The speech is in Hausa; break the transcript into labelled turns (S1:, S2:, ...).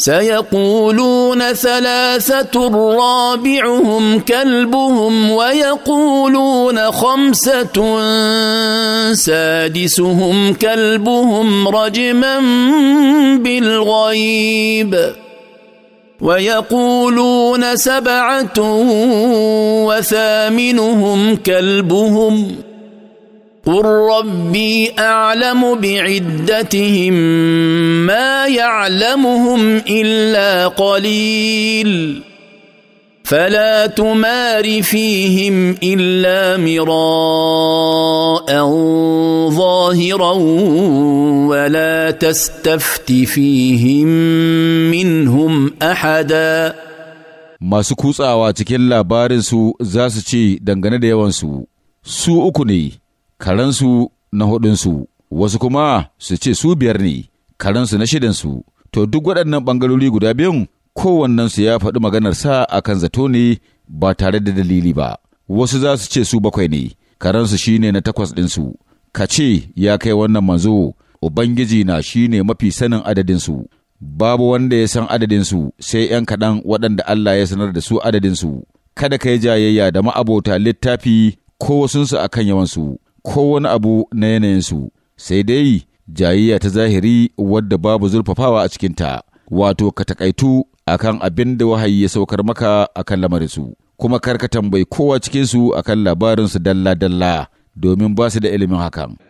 S1: سيقولون ثلاثة رابعهم كلبهم ويقولون خمسة سادسهم كلبهم رجما بالغيب ويقولون سبعة وثامنهم كلبهم قل ربي أعلم بعدتهم ما يعلمهم الا قليل فلا تمار فيهم الا مراء ظاهرا ولا تستفت فيهم منهم احدا
S2: masu kutsawa cikin labarinsu za su ce dangane da yawansu su uku ne karansu na hudunsu wasu kuma su ce su biyar ne karensu na shidansu, to duk waɗannan ɓangarori guda biyun kowannensu ya faɗi maganarsa a kan zato ne ba tare da dalili ba. Wasu za su ce su bakwai ne, karensu shi ne na takwas ɗinsu, ka ce ya kai wannan manzo, Ubangiji na shi ne mafi sanin adadinsu. Babu wanda ya san adadinsu sai ‘yan kaɗan waɗanda Allah ya sanar da su adadinsu, kada ka yi jayayya da ma'abota littafi ko wasunsu a kan yawansu, ko wani abu na yanayinsu, sai dai jayayya ta zahiri wadda babu zurfafawa a cikinta, wato ka takaitu akan abin da wahayi ya saukar maka akan lamarinsu, kuma kar ka tambayi kowa cikinsu akan labarinsu dalla-dalla domin ba su da ilimin hakan.